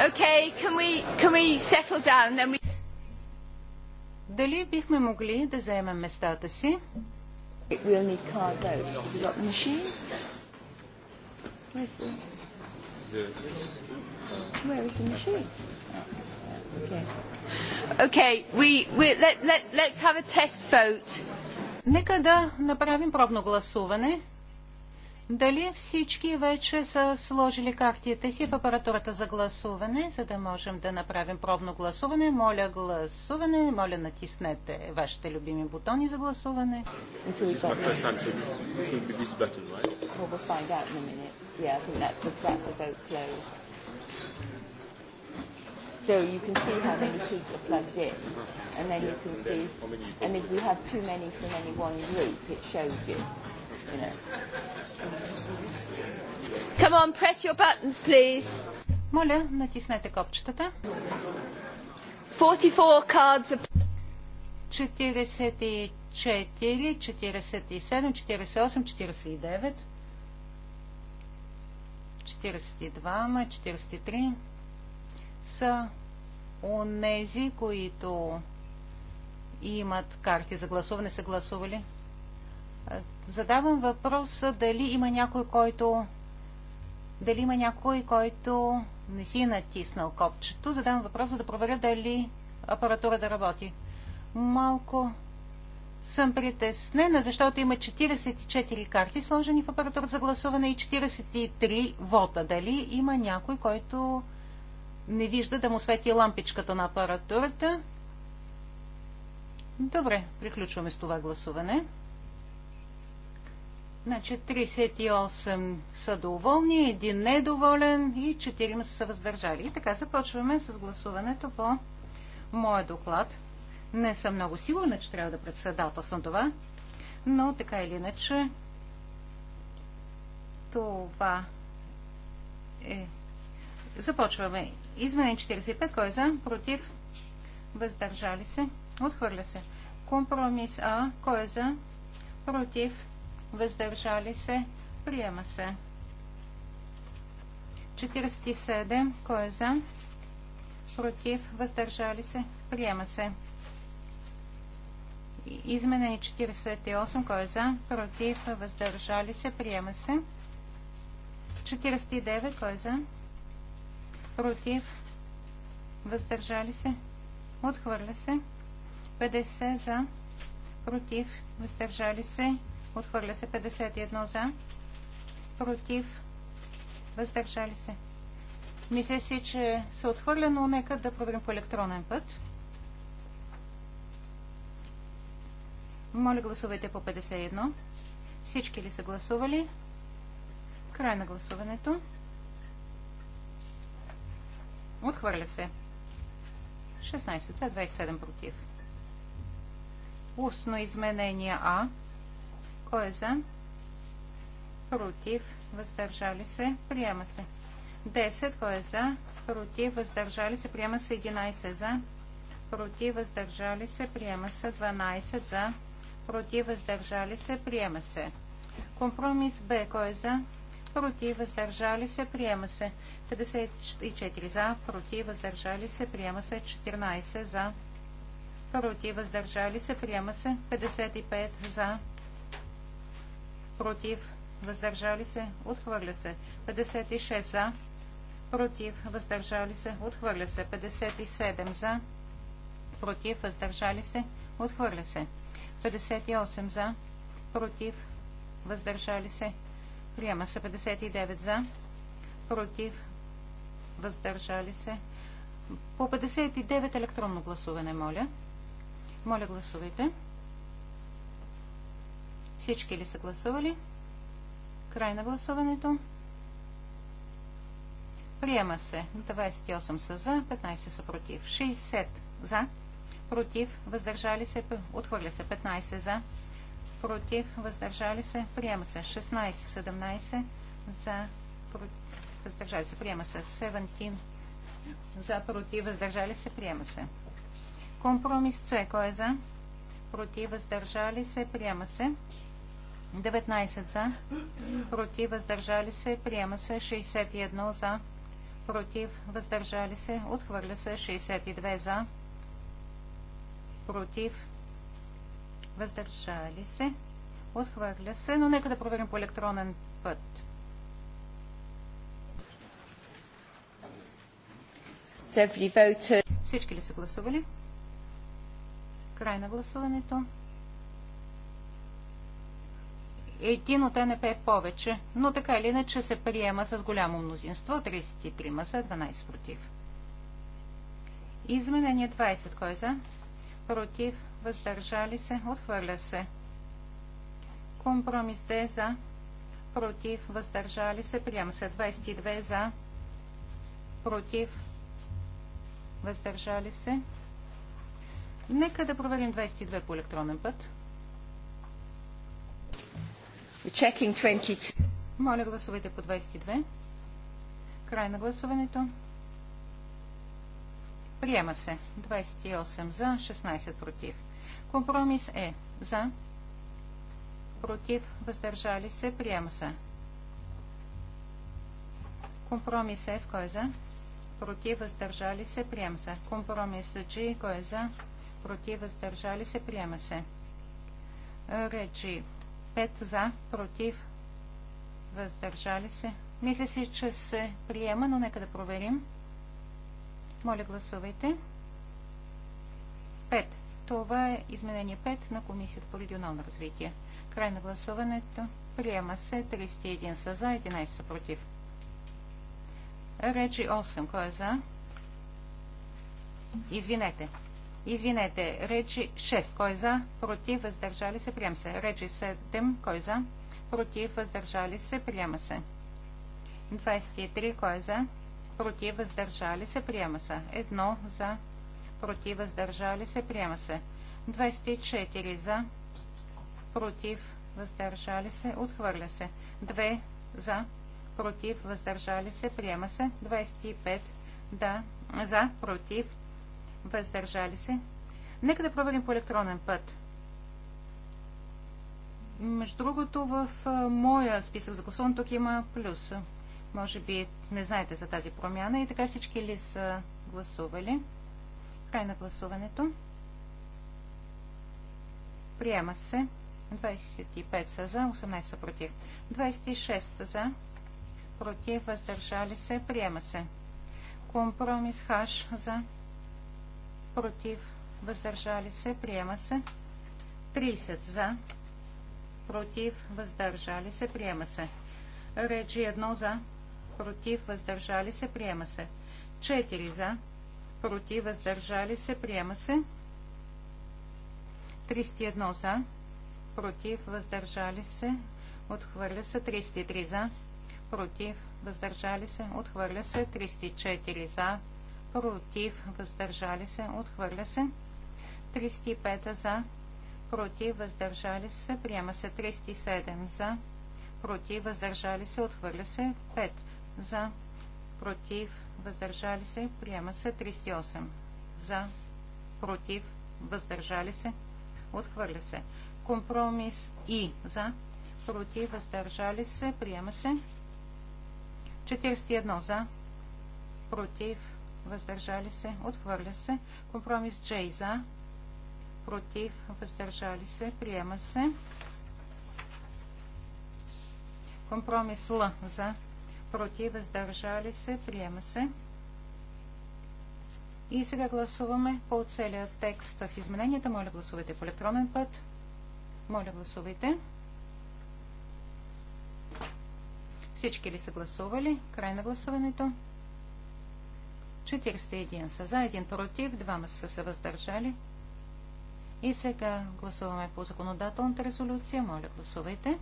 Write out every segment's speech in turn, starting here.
Okay, can we, can we settle down? Then we... Дали бихме могли да заемем местата си? We'll need cards out. you got the machine? Where is the machine? Okay. Okay, we, we, let, let, let's have a test vote. Нека да направим пробно гласуване. Дали всички вече са сложили картите си в апаратурата за гласуване, за да можем да направим пробно гласуване? Моля гласуване, моля натиснете вашите любими бутони за гласуване. Well, So you can see how many kids are plugged in, and then you can see, and if you have too many from any one group, it shows you. you know. Come on, press your buttons, please. Моля, натиснете копчетата. 44 cards of... 44, 47, 48, 49, 42, 43, са онези, които имат карти за гласуване, са гласували. Задавам въпроса дали има някой, който дали има някой, който не си е натиснал копчето. Задавам въпроса да проверя дали апаратура да работи. Малко съм притеснена, защото има 44 карти сложени в апаратура за гласуване и 43 вота. Дали има някой, който не вижда да му свети лампичката на апаратурата. Добре, приключваме с това гласуване. Значи 38 са доволни, един недоволен е и 4 са въздържали. И така започваме с гласуването по моя доклад. Не съм много сигурна, че трябва да председателствам това, но така или иначе това е. Започваме Изменение 45. Кой е за? Против? Въздържали се? Отхвърля се. Компромис А. Кой е за? Против? Въздържали се? Приема се. 47. Кой е за? Против? Въздържали се? Приема се. Изменени 48. Кой е за? Против? Въздържали се? Приема се. 49. Кой е за? против, въздържали се, отхвърля се. 50 за, против, въздържали се, отхвърля се. 51 за, против, въздържали се. Мисля си, че се отхвърля, но нека да проверим по електронен път. Моля гласувайте по 51. Всички ли са гласували? Край на гласуването. Отхвърля се. 16 за, 27 против. Устно изменение А. Кой е за? Против. Въздържали се. Приема се. 10. Кой е за? Против. Въздържали се. Приема се. 11 за. Против. Въздържали се. Приема се. 12 за. Против. Въздържали се. Приема се. Компромис Б. Кой е за? Против. Въздържали се. Приема се. 54 за, против, въздържали се, приема се 14 за, против, въздържали се, приема се 55 за, против, въздържали се, отхвърля се 56 за, против, въздържали се, отхвърля се 57 за, против, въздържали се, отхвърля се 58 за, против, въздържали се, приема се 59 за, против, въздържали се. По 59 електронно гласуване, моля. Моля, гласувайте. Всички ли са гласували? Край на гласуването. Приема се. 28 са за, 15 са против. 60 за, против, въздържали се, отхвърля се 15 за, против, въздържали се, приема се 16, 17 за, въздържали се, приема се. 17 за, против, въздържали се, приема се. Компромис С, кой е за? Против, въздържали се, приема се. 19 за, против, въздържали се, приема се. 61 за, против, въздържали се, отхвърля се. 62 за, против, въздържали се, отхвърля се, но нека да проверим по електронен път. Всички ли са гласували? Край на гласуването. Един от НП в повече, но така или иначе се приема с голямо мнозинство, 33 маса, 12 против. Изменение 20, кой е за? Против, въздържали се, отхвърля се. Компромис Д е за, против, въздържали се, приема се 22 за, против, въздържали се. Нека да проверим 22 по електронен път. Моля гласувайте по 22. Край на гласуването. Приема се. 28 за, 16 против. Компромис е за, против, въздържали се, приема се. Компромис е в кой е за? против, въздържали се, приема се. Компромис G, кой е за, против, въздържали се, приема се. Е, речи 5 за, против, въздържали се. Мисля си, че се приема, но нека да проверим. Моля, гласувайте. 5. Това е изменение 5 на Комисията по регионално развитие. Край на гласуването. Приема се 31 са за, 11 са против. Речи 8. Кой е за? Извинете. Извинете. Речи 6. Кой е за? Против. Въздържали се. Приема се. Речи 7. Кой е за? Против. Въздържали се. Приема се. 23. Кой е за? Против. Въздържали се. Приема се. Едно За. Против. Въздържали се. Приема се. 24. За. Против. Въздържали се. Отхвърля се. 2. За против, въздържали се, приема се. 25 да, за, против, въздържали се. Нека да проверим по електронен път. Между другото, в моя списък за гласуване тук има плюс. Може би не знаете за тази промяна и така всички ли са гласували? Край на гласуването. Приема се. 25 са за, 18 са против. 26 за, против, въздържали се, приема се. Компромис хаш за, против, въздържали се, приема се. 30 за, против, въздържали се, приема се. Реджи 1 за, против, въздържали се, приема се. 4 за, против, въздържали се, приема се. 301 за, против, въздържали се, отхвърля се. 303 за, против, въздържали се, отхвърля се. 34 за, против, въздържали се, отхвърля се. 35 за, против, въздържали се, приема се. 37 за, против, въздържали се, отхвърля се. 5 за, против, въздържали се, приема се. 38 за, против, въздържали се, отхвърля се. Компромис и за, против, въздържали се, приема се. 41 за, против, въздържали се, отхвърля се. Компромис J за, против, въздържали се, приема се. Компромис Л за, против, въздържали се, приема се. И сега гласуваме по целия текст с измененията. Моля гласувайте по електронен път. Моля гласувайте. Всички ли са гласували? Край на гласуването. 41 са за, 1 против, 2 са се въздържали. И сега гласуваме по законодателната резолюция. Моля, гласувайте.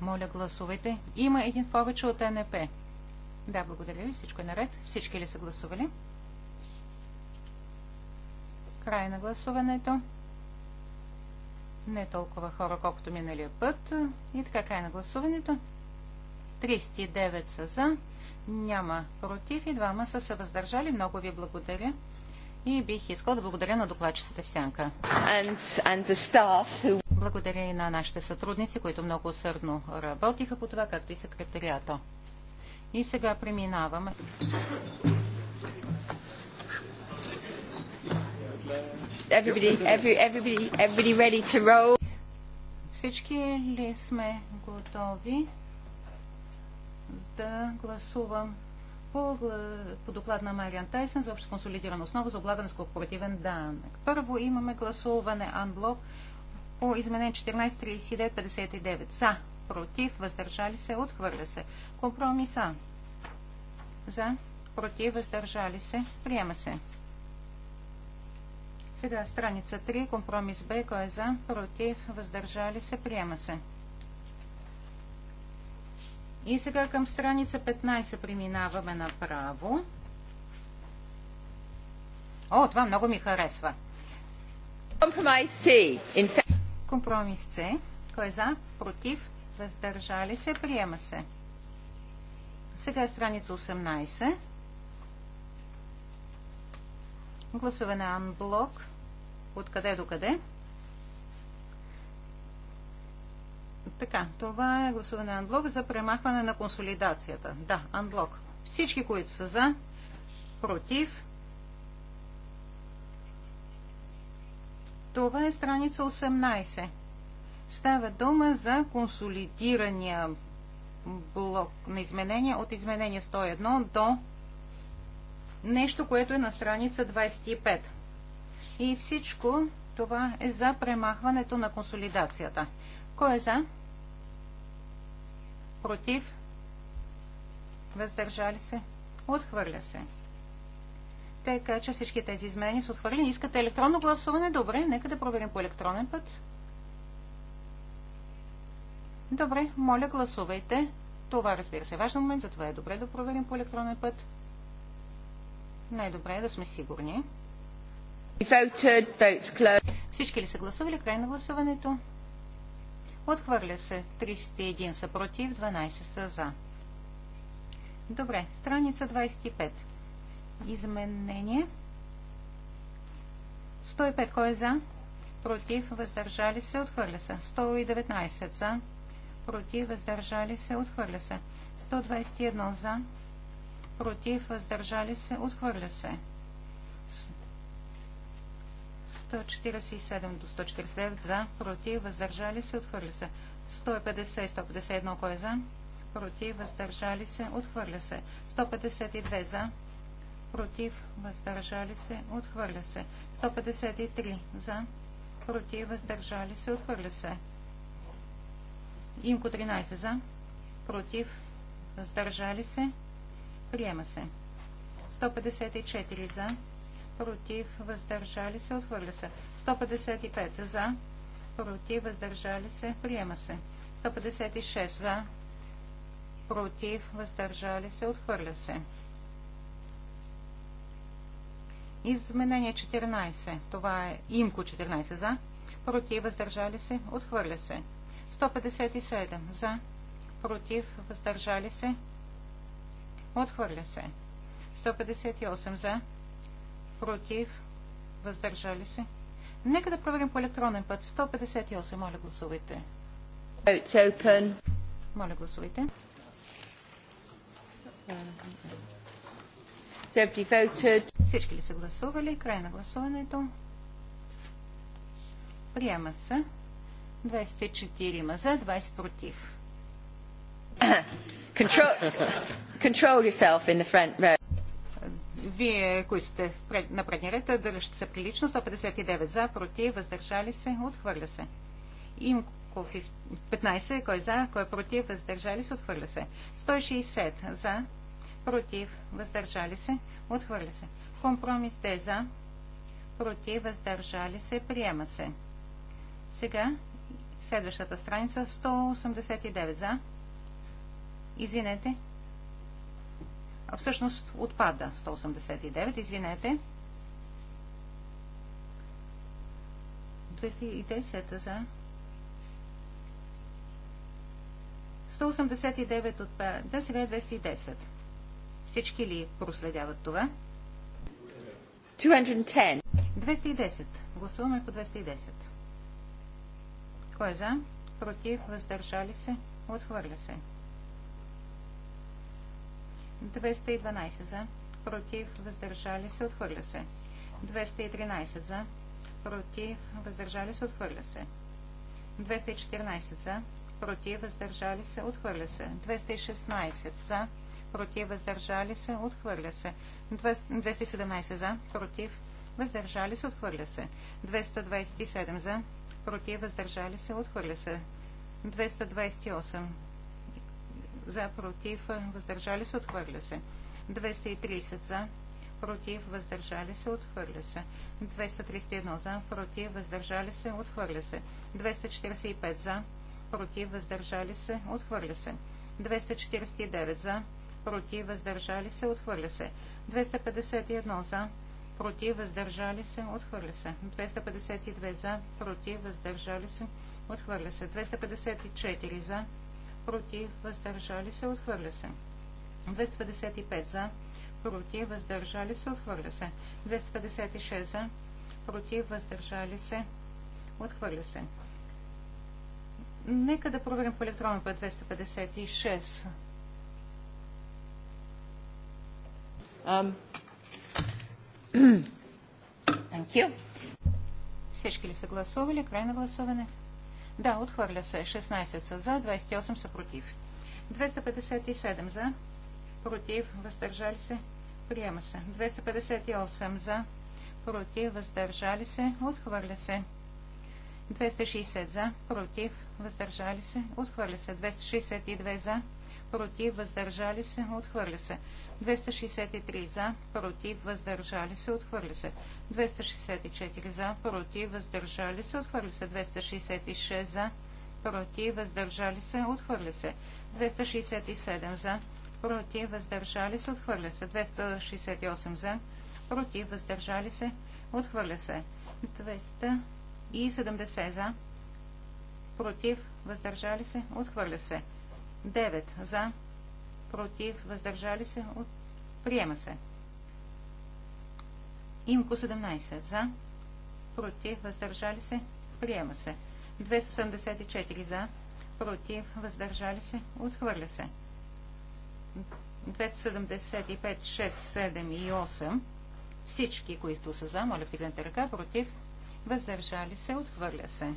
Моля, гласувайте. Има един повече от НП. Да, благодаря ви. Всичко е наред. Всички ли са гласували? Край на гласуването не толкова хора, колкото миналия път. И така край на гласуването. 39 са за, няма против и двама са се въздържали. Много ви благодаря. И бих искал да благодаря на докладчицата Всянка. Сянка. And, and the staff who... Благодаря и на нашите сътрудници, които много усърдно работиха по това, както и секретарията. И сега преминаваме. everybody, every, everybody, everybody ready to roll? Всички ли сме готови да гласувам по, по доклад на Мариан Тайсен за общо консолидирана основа за облагане с корпоративен данък? Първо имаме гласуване анблок по изменение 14.39.59. За, против, въздържали се, отхвърля се. Компромиса. За, против, въздържали се, приема се. Сега страница 3, компромис Б, кой е за, против, въздържали се, приема се. И сега към страница 15 преминаваме направо. О, това много ми харесва. Компромис С. Кой е за? Против? Въздържали се? Приема се. Сега е страница 18. Гласуване анблок. От къде до къде. Така, това е гласуване анблок за премахване на консолидацията. Да, анблок. Всички, които са за, против. Това е страница 18. Става дума за консолидирания блок на изменения от изменение 101 до нещо, което е на страница 25. И всичко това е за премахването на консолидацията. Кой е за? Против? Въздържали се? Отхвърля се. Така че всички тези измени са отхвърлени. Искате електронно гласуване? Добре, нека да проверим по електронен път. Добре, моля гласувайте. Това разбира се е важен момент, затова е добре да проверим по електронен път. Най-добре е да сме сигурни. Всички ли са гласували? Край на гласуването. Отхвърля се. 301 са против, 12 са за. Добре, страница 25. Изменение. 105 кой е за? Против, въздържали се, отхвърля се. 119 за. Против, въздържали се, отхвърля се. 121 за. Против, въздържали се, отхвърля се. 147 до 149 за, против, въздържали се, отхвърля се. 150 151 кой е за, против, въздържали се, отхвърля се. 152 за, против, въздържали се, отхвърля се. 153 за, против, въздържали се, отхвърля се. Имко 13 за, против, въздържали се, приема се. 154 за, против, въздържали се, отхвърля се. 155 за, против, въздържали се, приема се. 156 за, против, въздържали се, отхвърля се. Изменение 14. Това е имко 14 за. Против, въздържали се, отхвърля се. 157 за. Против, въздържали се, отхвърля се. 158 за против, въздържали се. Нека да проверим по електронен път. 158, моля гласувайте. Моля гласувайте. Всички ли са гласували? Край на гласуването. Приема се. 24 за, 20 против. Control, control yourself in the front row. Вие, които сте на предния ред, държите се прилично. 159 за, против, въздържали се, отхвърля се. Имко 15, кой за, кой против, въздържали се, отхвърля се. 160 за, против, въздържали се, отхвърля се. Компромис Д за, против, въздържали се, приема се. Сега следващата страница 189 за. Извинете, всъщност отпада 189, извинете. 210 за. 189 отпада. Да, сега е 210. Всички ли проследяват това? 210. 210. Гласуваме по 210. Кой е за? Против? Въздържали се? Отхвърля се. 210. 212 за, против, въздържали се, отхвърля се. 213 за, против, въздържали се, отхвърля се. 214 за, против, въздържали се, отхвърля се. 216 за, против, въздържали се, отхвърля се. 217 за, против, въздържали се, отхвърля се. 227 за, против, въздържали се, отхвърля се. 228 за, против, въздържали се, отхвърля се. 230 за, против, въздържали се, отхвърля се. 231 за, против, въздържали се, отхвърля се. 245 за, против, въздържали се, отхвърля се. 249 за, против, въздържали се, отхвърля се. 251 за, против, въздържали се, отхвърля се. 252 за, против, въздържали се, отхвърля се. 254 за, против, въздържали се, отхвърля се. 255 за, против, въздържали се, отхвърля се. 256 за, против, въздържали се, отхвърля се. Нека да проверим по електронен път 256. Um. Thank you. Всички ли са гласували? Край на гласуване. Да, отхвърля се. 16 са за, 28 са против. 257 за, против, въздържали се, приема се. 258 за, против, въздържали се, отхвърля се. 260 за, против, въздържали се, отхвърля се. 262 за, против, въздържали се, отхвърля се. 263 за, против, въздържали се, отхвърля се. 264 за, против, въздържали се, отхвърли се. 266 за, против, въздържали се, отхвърли се. 267 за, против, въздържали се, отхвърля се. 268 за, против, въздържали се, отхвърля се. 270 за, против, въздържали се, отхвърля се. 9 за, против, въздържали се, от... приема се. Имко 17 за, против, въздържали се, приема се. 274 за, против, въздържали се, отхвърля се. 275, 6, 7 и 8. Всички, които са за, моля вдигнете ръка, против, въздържали се, отхвърля се.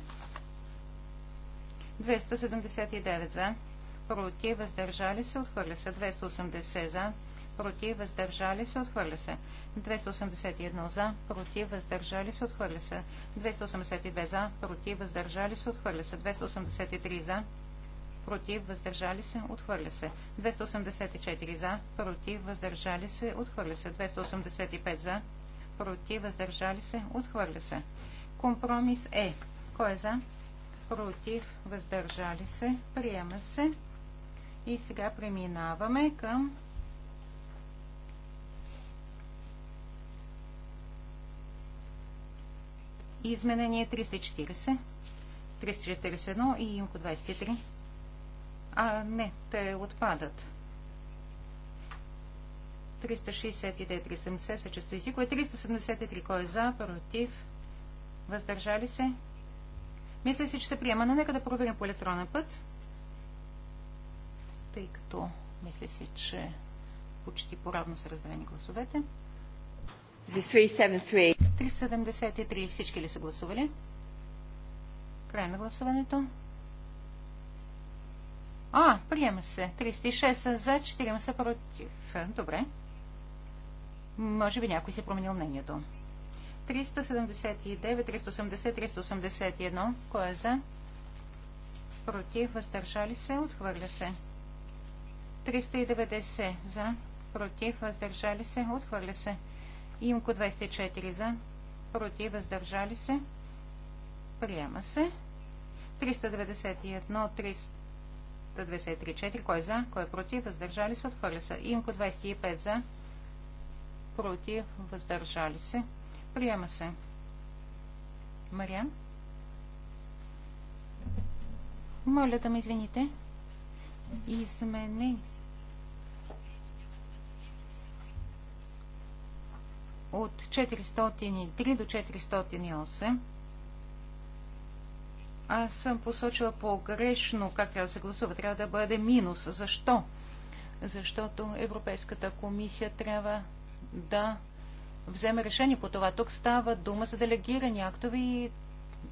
279 за, против, въздържали се, отхвърля се. 280 за, против, въздържали се, отхвърля се. 281 за, против, въздържали се, отхвърля се. 282 за, против, въздържали се, отхвърля се. 283 за, против, въздържали се, отхвърля се. 284 за, против, въздържали се, отхвърля се. 285 за, против, въздържали се, отхвърля се. Компромис е. Кой е за? Против, въздържали се, приема се. И сега преминаваме към Изменение 340, 341 и имко 23. А, не, те отпадат. и 370 са често езико. 373, кой е за, против, въздържали се. Мисля си, че се приема, но нека да проверим по електронен път. Тъй като мисля си, че почти поравно са разделени гласовете. 373. Всички ли са гласували? Край на гласуването. А, приема се. 36 за, 4 са против. Добре. Може би някой си е променил мнението. 379, 380, 381. Кой е за? Против, въздържали се, отхвърля се. 390 за, против, въздържали се, отхвърля се. Имко 24 за, против, въздържали се, приема се. 391, 324, кой е за, кой е против, въздържали се, отхвърля се. Имко 25 за, против, въздържали се, приема се. Мариан? Моля да ме извините. Изменение. от 403 до 408. Аз съм посочила по-грешно как трябва да се гласува. Трябва да бъде минус. Защо? Защото Европейската комисия трябва да вземе решение по това. Тук става дума за делегирани актове и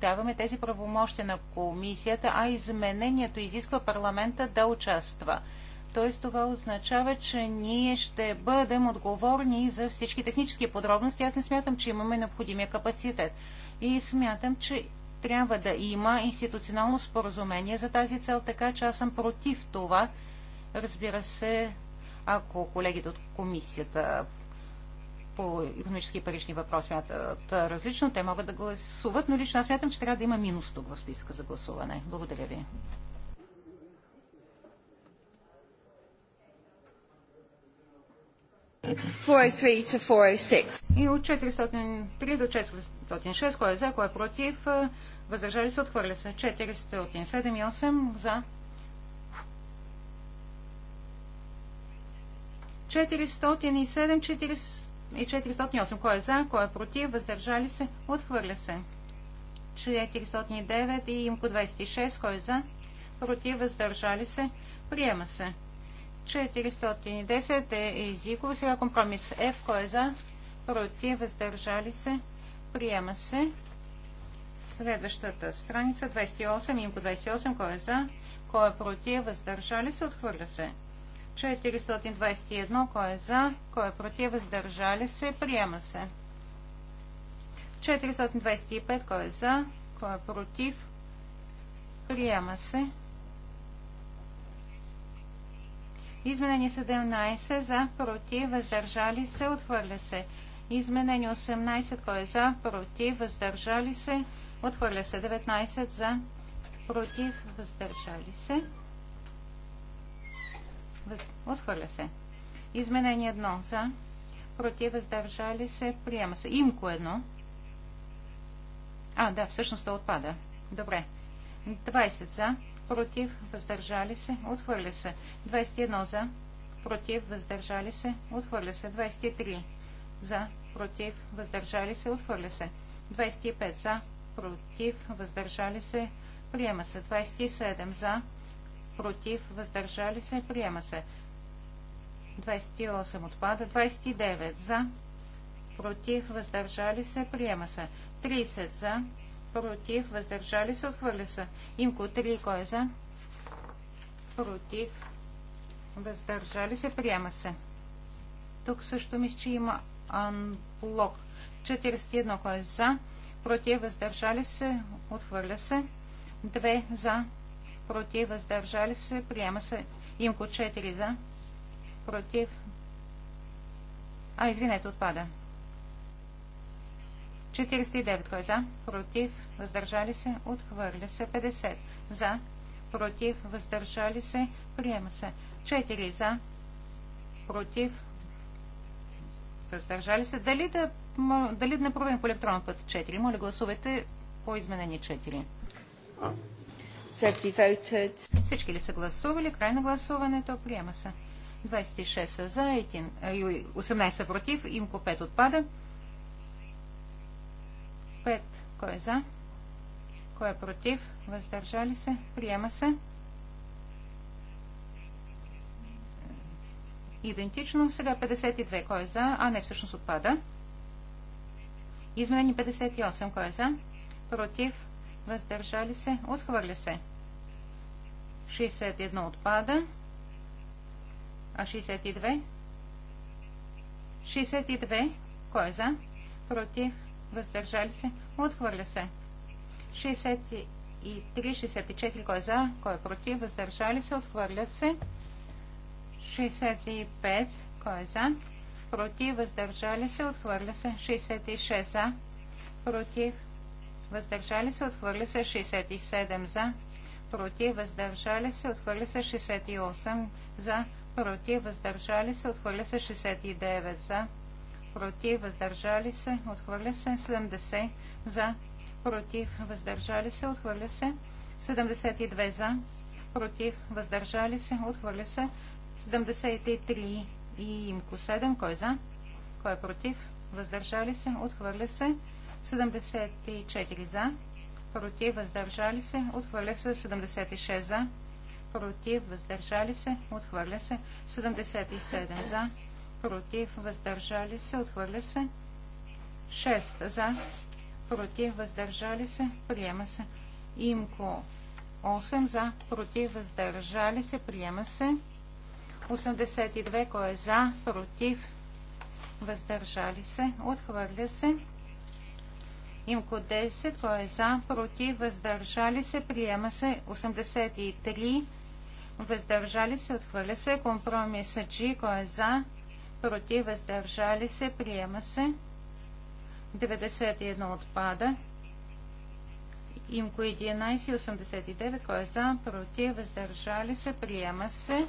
даваме тези правомощи на комисията, а изменението изисква парламента да участва т.е. това означава, че ние ще бъдем отговорни за всички технически подробности. Аз не смятам, че имаме необходимия капацитет. И смятам, че трябва да има институционално споразумение за тази цел, така че аз съм против това. Разбира се, ако колегите от комисията по економически и парични въпроси смятат различно, те могат да гласуват, но лично аз смятам, че трябва да има минус тук в списка за гласуване. Благодаря ви. 403 406. И от 403 до 406, е е кой е за, кой е против, въздържали се, отхвърля се. 407 и 8 за. 407 и 408, кой е за, кой е против, въздържали се, отхвърля се. 409 и имко 26, кой е за, против, въздържали се, приема се. 410 е езиково. Сега компромис F. Кой е за? Против. Въздържали се. Приема се. Следващата страница 28. Имко 28. Кой е за? Кой е против? Въздържали се. Отхвърля се. 421. Кой е за? Кой е против? Въздържали се. Приема се. 425. Кой е за? Кой е против? Приема се. Изменени 17 за, против, въздържали се, отхвърля се. Изменени 18, кой е за, против, въздържали се, отхвърля се. 19 за, против, въздържали се, отхвърля се. Изменение 1 за, против, въздържали се, приема се. Имко 1. А, да, всъщност то отпада. Добре. 20 за, против, въздържали се, отхвърля се. 21 за, против, въздържали се, отхвърля се. 23 за, против, въздържали се, отхвърля се. 25 за, против, въздържали се, приема се. 27 за, против, въздържали се, приема се. 28 отпада. 29 за, против, въздържали се, приема се. 30 за, против, въздържали се, отхвърля се. Имко 3, кой е за? Против, въздържали се, приема се. Тук също мисля, че има анблок. 41, кой е за? Против, въздържали се, отхвърля се. 2 за, против, въздържали се, приема се. Имко 4 за, против. А, извинете, отпада. 49. Кой е за? Против. Въздържали се. Отхвърля се. 50. За. Против. Въздържали се. Приема се. 4. За. Против. Въздържали се. Дали да, дали да направим по електронен път 4? Моля, гласувайте по изменение 4. Всички ли са гласували? Край на гласуването. Приема се. 26 за, 18 против. Имко 5 отпада. 5. Кой е за? Кой е против? Въздържали се? Приема се. Идентично. Сега 52. Кой е за? А, не, всъщност отпада. Изменени 58. Кой е за? Против? Въздържали се? Отхвърля се. 61 отпада. А 62? 62. Кой е за? Против? въздържали се, отхвърля се. 63, 64, кой е за, кой е против, въздържали се, отхвърля се. 65, кой е за, против, въздържали се, отхвърля се. 66 за, против, въздържали се, отхвърля се. 67 за, против, въздържали се, отхвърля се. 68 за, против, въздържали се, отхвърля се. 69 за, против, въздържали се, отхвърля се. 70 за, против, въздържали се, отхвърля се. 72 за, против, въздържали се, отхвърля се. 73 и имко 7, кой е за, кой е против, въздържали се, отхвърля се. 74 за, против, въздържали се, отхвърля се. 76 за, против, въздържали се, отхвърля се. 77 за, против, въздържали се, отхвърля се. 6 за, против, въздържали се, приема се. Имко 8 за, против, въздържали се, приема се. 82, кой е за, против, въздържали се, отхвърля се. Имко 10, кой е за, против, въздържали се, приема се. 83, въздържали се, отхвърля се. Компромиса G, кой е за, против, въздържали се, приема се. 91 отпада. Имко 11 89, кой е за, против, въздържали се, приема се.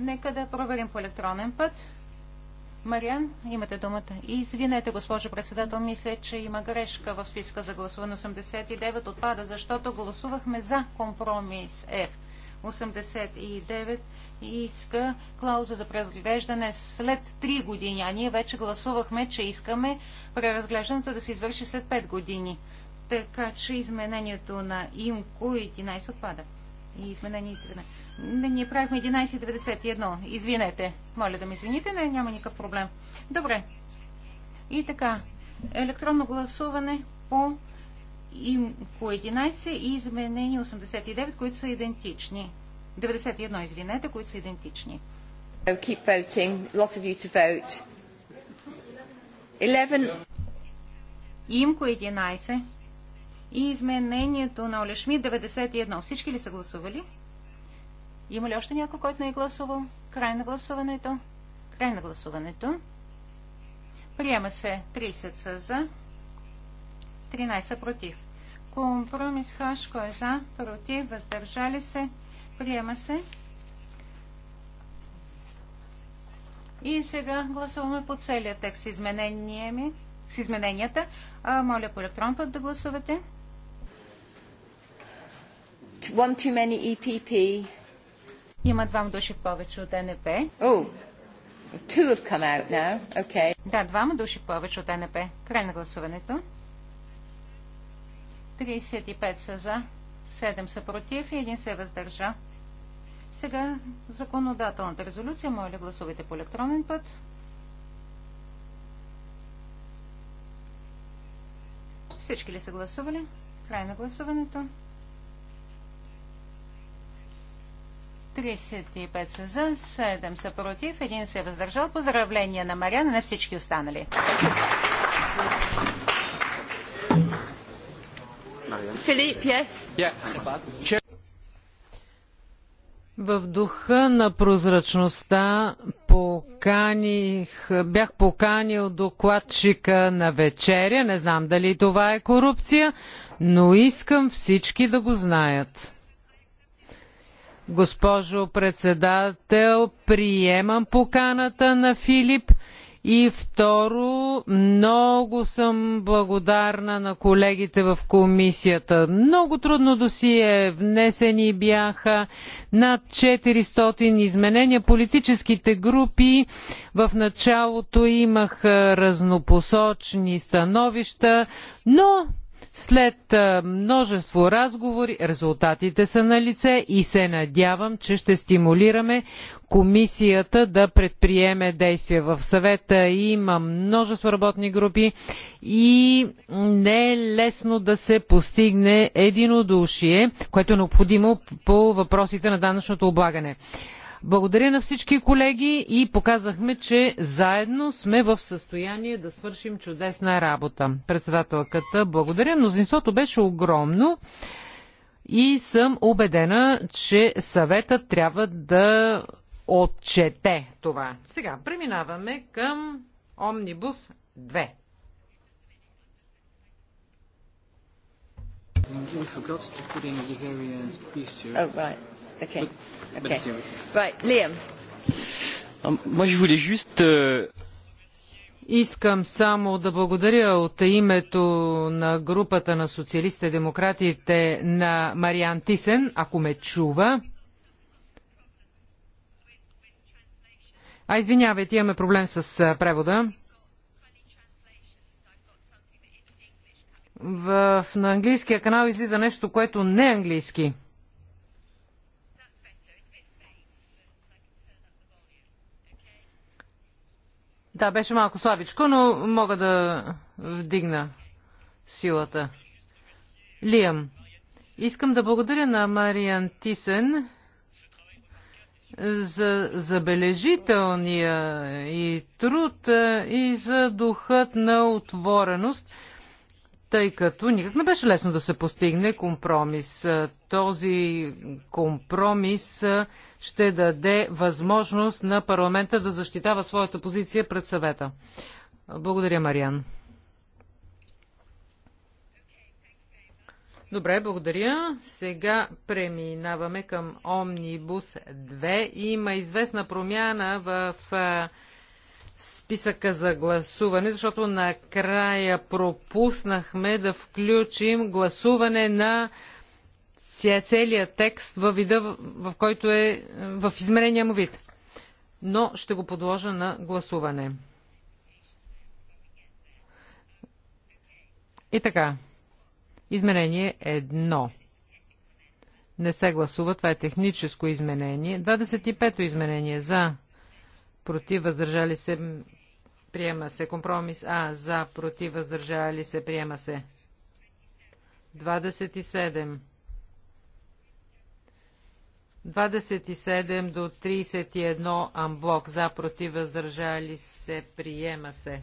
Нека да проверим по електронен път. Мариан, имате думата. Извинете, госпожо председател, мисля, че има грешка в списка за гласуване. 89 отпада, защото гласувахме за компромис F. 89 иска клауза за преразглеждане след 3 години, а ние вече гласувахме, че искаме преразглеждането да се извърши след 5 години. Така че изменението на ИМКО 11 отпада. И изменението на... Не, ние правихме 11.91. Извинете. Моля да ми извините. Не, няма никакъв проблем. Добре. И така. Електронно гласуване по ИМКО 11 и изменение 89, които са идентични. 91, извинете, които са идентични. keep voting. Lot of you to vote. 11. Имко 11. И изменението на Олешми 91. Всички ли са гласували? Има ли още някой, който не е гласувал? Край на гласуването. Край на гласуването. Приема се 30 са за, 13 против. Компромис Хашко е за, против, въздържали се, Приема се. И сега гласуваме по целия текст с, с измененията. А, моля по електрон път да гласувате. One too many EPP. Има двама души повече от НП. Oh. Two have come out now. Okay. Да, двама души повече от НП. Край на гласуването. 35 са за, 7 са против и 1 се въздържа. Сега законодателната резолюция. Моля, гласувайте по електронен път. Всички ли са гласували? Край на гласуването. 35 са за, 7 са против, 1 се е въздържал. Поздравления на Мариана на всички останали. Филип, yes. Yeah. В духа на прозрачността поканих, бях поканил докладчика на вечеря. Не знам дали това е корупция, но искам всички да го знаят. Госпожо председател, приемам поканата на Филип – и второ, много съм благодарна на колегите в комисията. Много трудно досие внесени бяха над 400 изменения. Политическите групи в началото имаха разнопосочни становища, но след множество разговори резултатите са на лице и се надявам, че ще стимулираме комисията да предприеме действия в съвета. Има множество работни групи и не е лесно да се постигне единодушие, което е необходимо по въпросите на данъчното облагане. Благодаря на всички колеги и показахме, че заедно сме в състояние да свършим чудесна работа. Председателката, благодаря. Мнозинството беше огромно и съм убедена, че съветът трябва да отчете това. Сега преминаваме към Омнибус 2. forgot to put in the very piece Oh, right. Okay. Right, Liam. Um, moi, je voulais juste euh, Искам само да благодаря от името на групата на социалистите демократите на Мариан Тисен, ако ме чува. А, извинявайте, имаме проблем с превода. В, на английския канал излиза нещо, което не е английски. Да, беше малко слабичко, но мога да вдигна силата. Лиам. Искам да благодаря на Мариан Тисен за забележителния и труд е, и за духът на отвореност – тъй като никак не беше лесно да се постигне компромис. Този компромис ще даде възможност на парламента да защитава своята позиция пред съвета. Благодаря, Мариан. Добре, благодаря. Сега преминаваме към Омнибус 2. Има известна промяна в списъка за гласуване, защото накрая пропуснахме да включим гласуване на целият текст във вида, в който е в измерения му вид. Но ще го подложа на гласуване. И така. Изменение едно. Не се гласува. Това е техническо изменение. 25-то изменение. За против, въздържали се, приема се. Компромис А, за, против, въздържали се, приема се. 27. 27 до 31 амблок за против въздържали се приема се.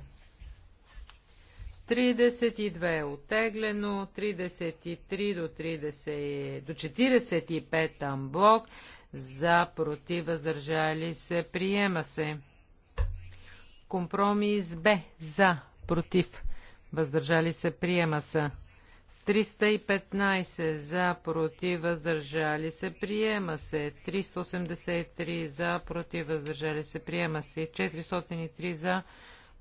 32 отеглено, 33 до, 30, до 45 амблок за, против, въздържали се, приема се. Компромис Б, за, против, въздържали се, приема се. 315 за, против, въздържали се, приема се. 383 за, против, въздържали се, приема се. 403 за,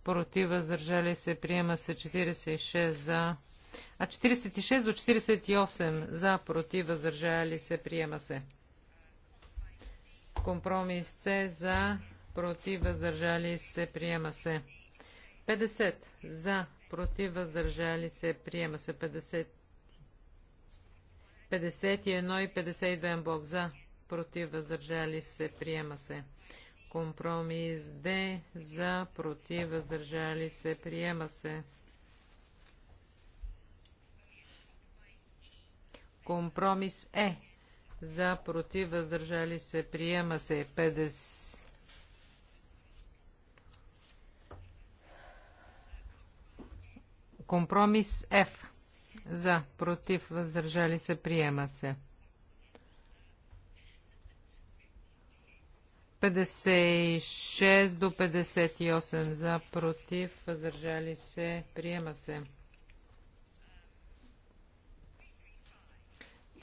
против, въздържали се, приема се. 46 за, а 46 до 48 за, против, въздържали се, приема се. Компромис С за, против, въздържали се, приема се. 50 за, против, въздържали се, приема се. 50 51 и 52 блок за, против, въздържали се, приема се. Компромис Д за, против, въздържали се, приема се. Компромис Е за, против, въздържали се, приема се 50. Компромис F. За, против, въздържали се, приема се. 56 до 58 за, против, въздържали се, приема се.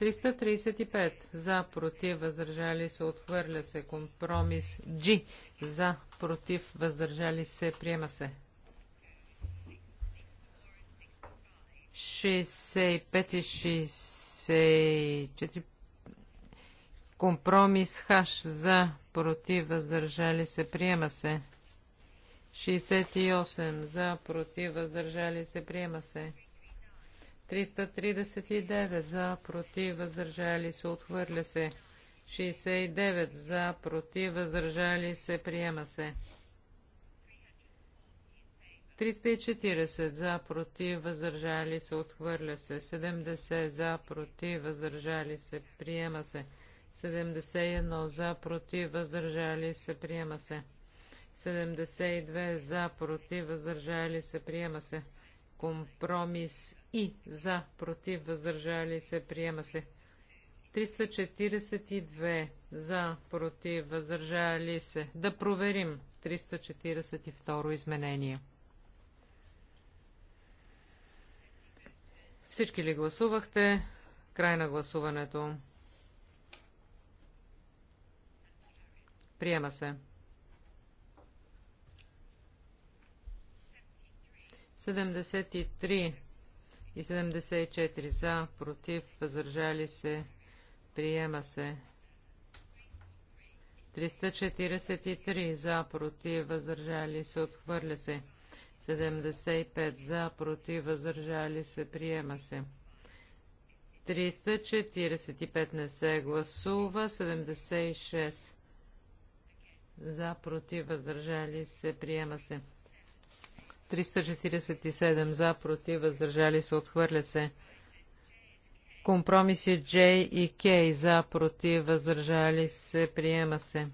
335 за, против, въздържали се, отхвърля се. Компромис G за, против, въздържали се, приема се. 65 и 64 компромис H за, против, въздържали се, приема се. 68 за, против, въздържали се, приема се. 339 за, против, въздържали се, отхвърля се. 69 за, против, въздържали се, приема се. 340 за, против, въздържали се, отхвърля се. 70 за, против, въздържали се, приема се. 71 за, против, въздържали се, приема се. 72 за, против, въздържали се, приема се. Компромис И за, против, въздържали се, приема се. 342 за, против, въздържали се. Да проверим 342 изменение. Всички ли гласувахте? Край на гласуването. Приема се. 73 и 74 за, против, въздържали се, приема се. 343 за, против, въздържали се, отхвърля се. 75 за, против, въздържали се, приема се. 345 не се гласува, 76 за, против, въздържали се, приема се. 347 за, против, въздържали се, отхвърля се. Компромиси J и K за, против, въздържали се, приема се.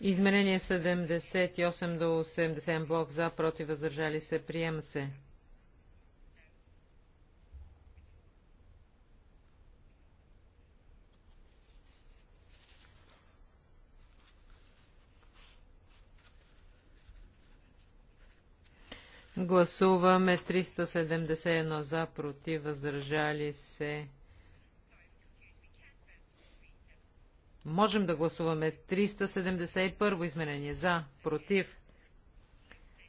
Изменение 78 до 80 блок за, против, въздържали се, приема се. Гласуваме 371 за, против, въздържали се. Можем да гласуваме 371 изменение за, против,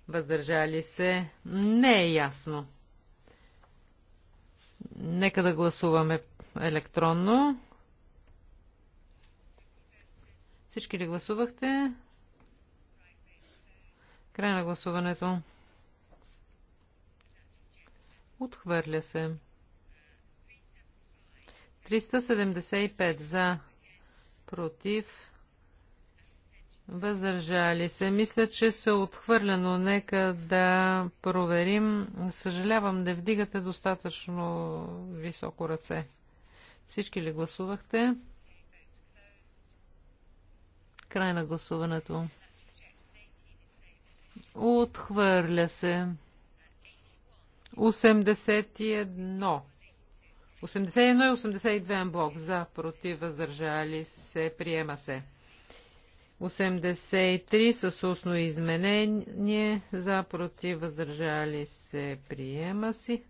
въздържали се. Не е ясно. Нека да гласуваме електронно. Всички ли гласувахте? Край на гласуването. Отхвърля се. 375 за, против, въздържали се. Мисля, че се отхвърля, но нека да проверим. Съжалявам, не вдигате достатъчно високо ръце. Всички ли гласувахте? Край на гласуването. Отхвърля се. 81. 81 и 82 блок за, против, въздържали се, приема се. 83 с устно изменение за, против, въздържали се, приема си.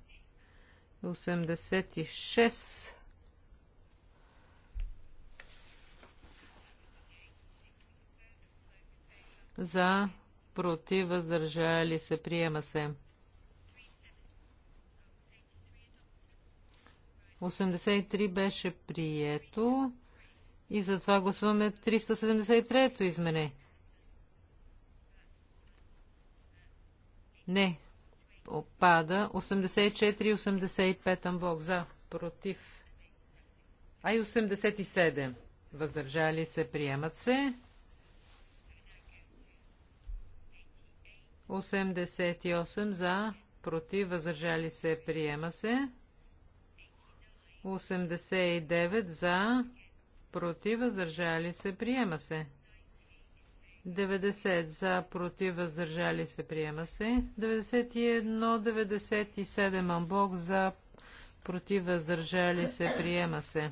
86 за, против, въздържали се, приема се. 83 беше прието и затова гласуваме 373-то измене. Не. Опада. 84 и 85 амбок за. Против. А и 87. Въздържали се. Приемат се. 88 за. Против. Въздържали се. Приема се. 89 за, против, въздържали се, приема се. 90 за, против, въздържали се, приема се. 91, 97 Амбок за, против, въздържали се, приема се.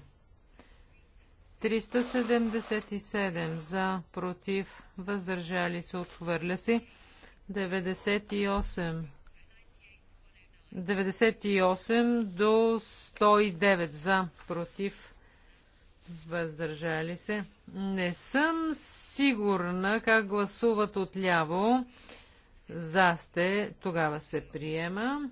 377 за, против, въздържали се, отхвърля се. 98 98 до 109 за, против, въздържали се. Не съм сигурна как гласуват отляво. За сте, тогава се приема.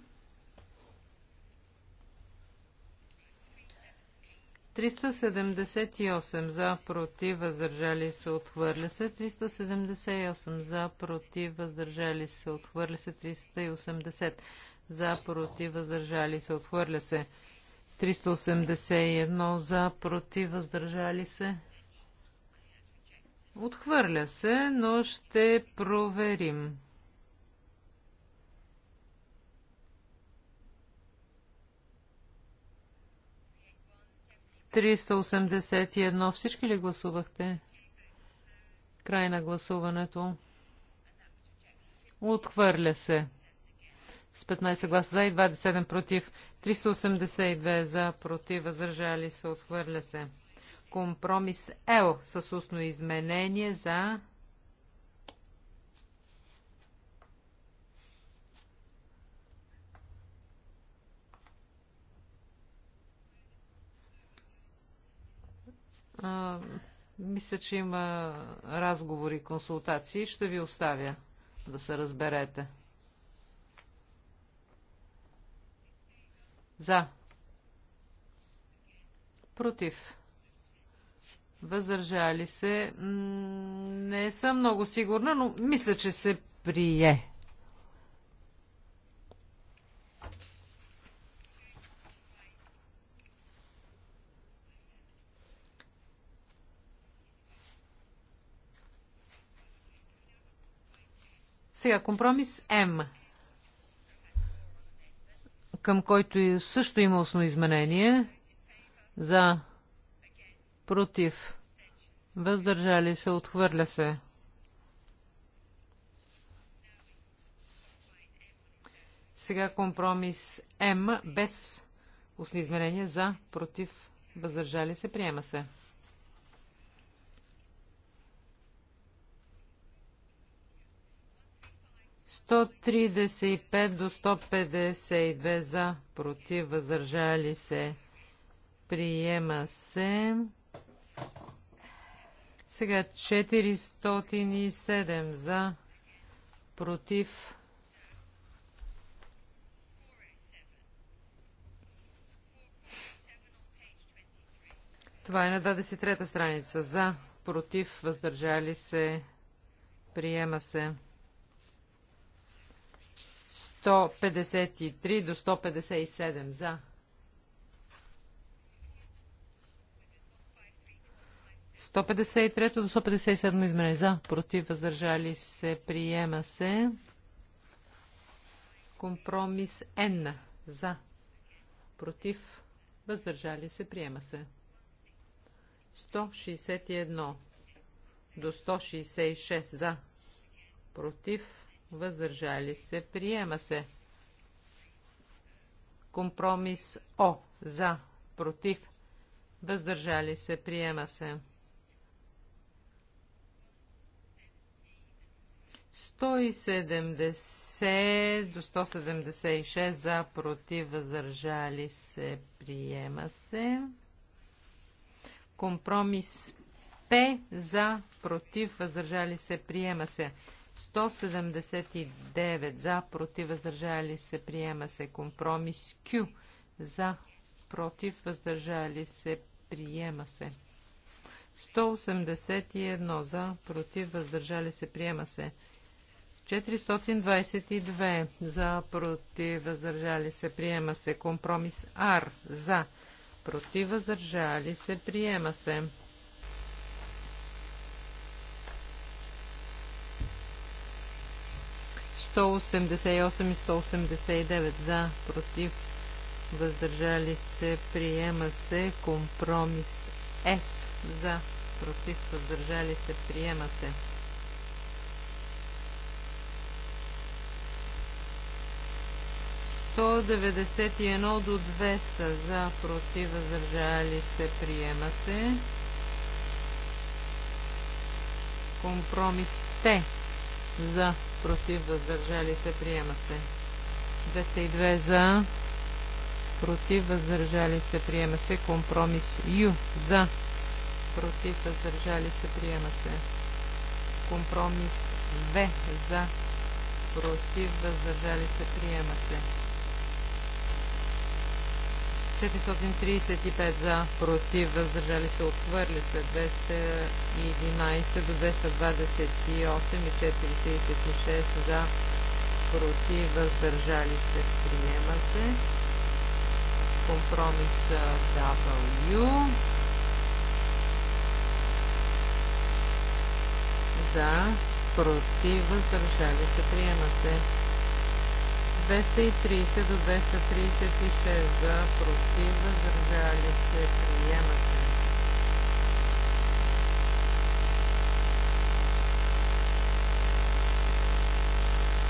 378 за, против, въздържали се, отхвърля се. 378 за, против, въздържали се, отхвърля се. 380 за, против, въздържали се, отхвърля се. 381 за, против, въздържали се. Отхвърля се, но ще проверим. Триста едно. Всички ли гласувахте? Край на гласуването. Отхвърля се с 15 гласа за и 27 против. 382 за, против, въздържали се, отхвърля се. Компромис Л с устно изменение за А, мисля, че има разговори и консултации. Ще ви оставя да се разберете. За. Против. Въздържали се. Не съм много сигурна, но мисля, че се прие. Сега компромис М към който също има устно изменение. За. Против. Въздържали се. Отхвърля се. Сега компромис М без устни измерения за, против, въздържали се, приема се. 135 до 152 за, против, въздържали се, приема се. Сега 407 за, против, Това е на 23-та страница. За, против, въздържали се, приема се. 153 до 157 за. 153 до 157 изменение за. Против въздържали се. Приема се. Компромис Н. За. Против въздържали се. Приема се. 161 до 166 за. Против въздържали се, приема се. Компромис О, за, против, въздържали се, приема се. 170 до 176 за, против, въздържали се, приема се. Компромис П за, против, въздържали се, приема се. 179 за, против, въздържали се, приема се. Компромис Q за, против, въздържали се, приема се. 181 за, против, въздържали се, приема се. 422 за, против, въздържали се, приема се. Компромис R за, против, въздържали се, приема се. 188 и 189 за, против, въздържали се, приема се, компромис С за, против, въздържали се, приема се. 191 до 200 за, против, въздържали се, приема се. Компромис Т за, против, въздържали се, приема се. 202 за, против, въздържали се, приема се. Компромис Ю за, против, въздържали се, приема се. Компромис В за, против, въздържали се, приема се. 435 за, против, въздържали се, отхвърли се 211 до 228 и 436 за, против, въздържали се, приема се. Компромис W. За, против, въздържали се, приема се. 230 до 236 за, против, въздържали се, приема се.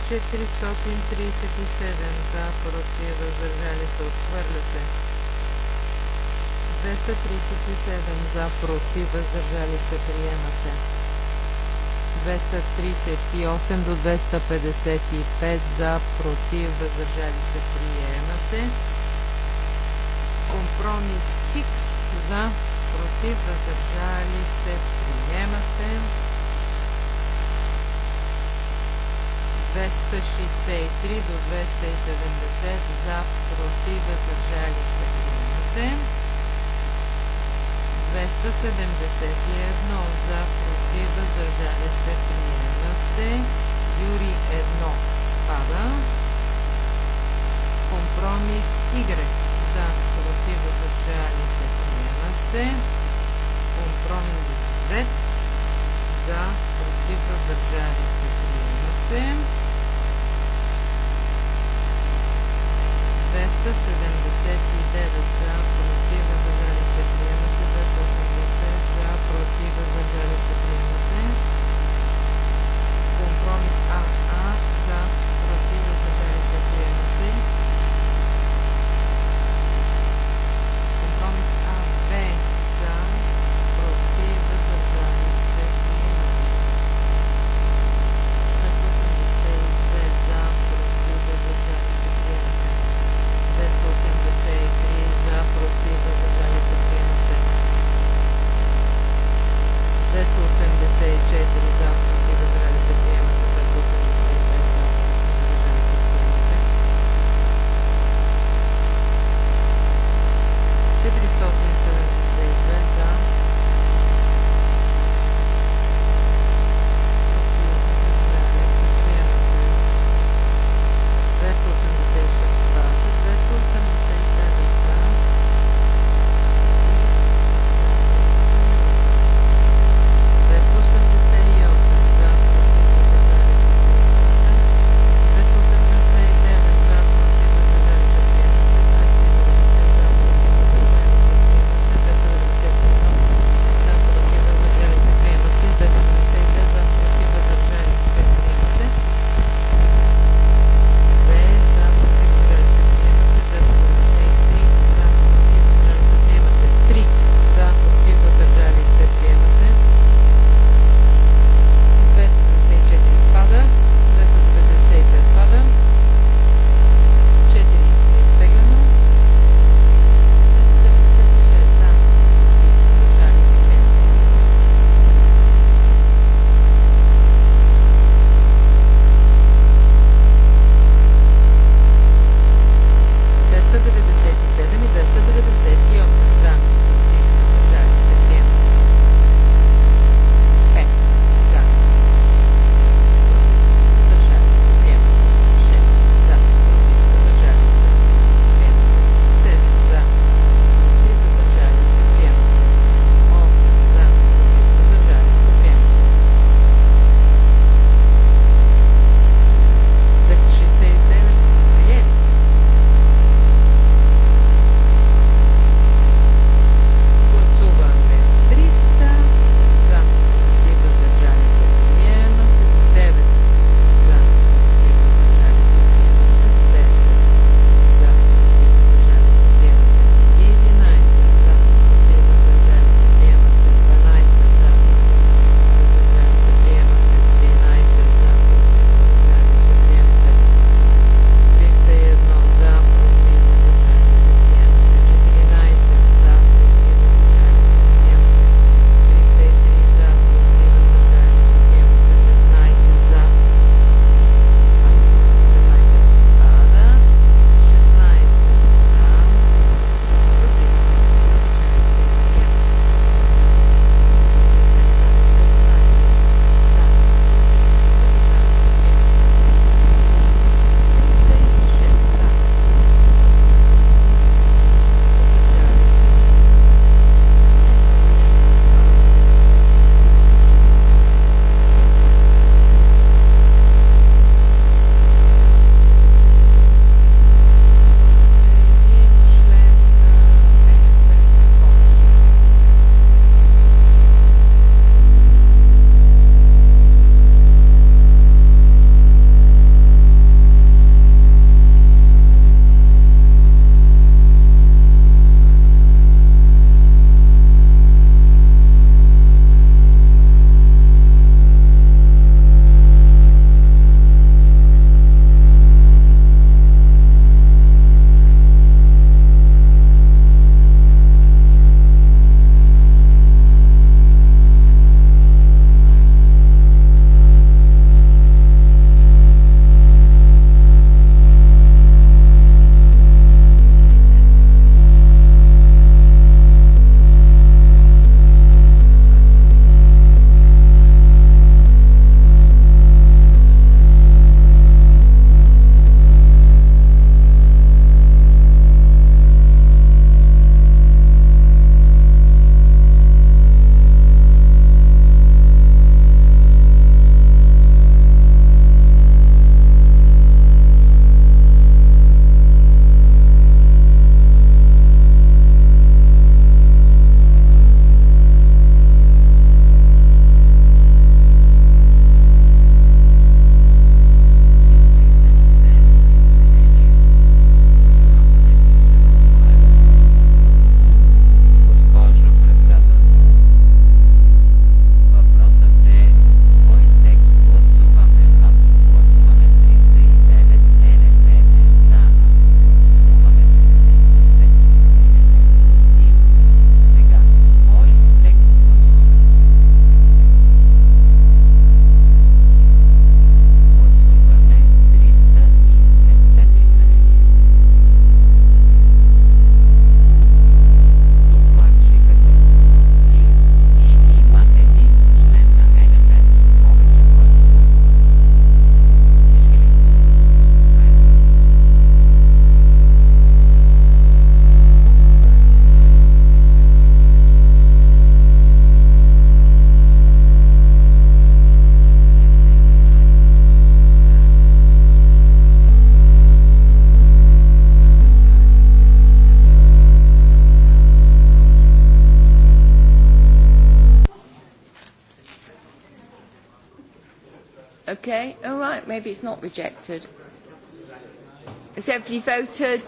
Четиристотин за, против, въздържали се, отхвърля се. 237 за, против, въздържали се, приема се. 238 до 255 за, против, въздържали се, приема се. Компромис Хикс за, против, въздържали се, приема се. 263 до 270 за, против, въздържали се, приема се. 271 за, против, въздържали се, приема се. Юри 1 пада. Компромис Y за, против, въздържали се, приема се. Компромис Z за, против, въздържали се, приема се. 279 за, против, въздържали се, против, въздържали се, 30. Компромис А maybe it's not rejected. Has everybody voted?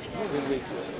Thank you.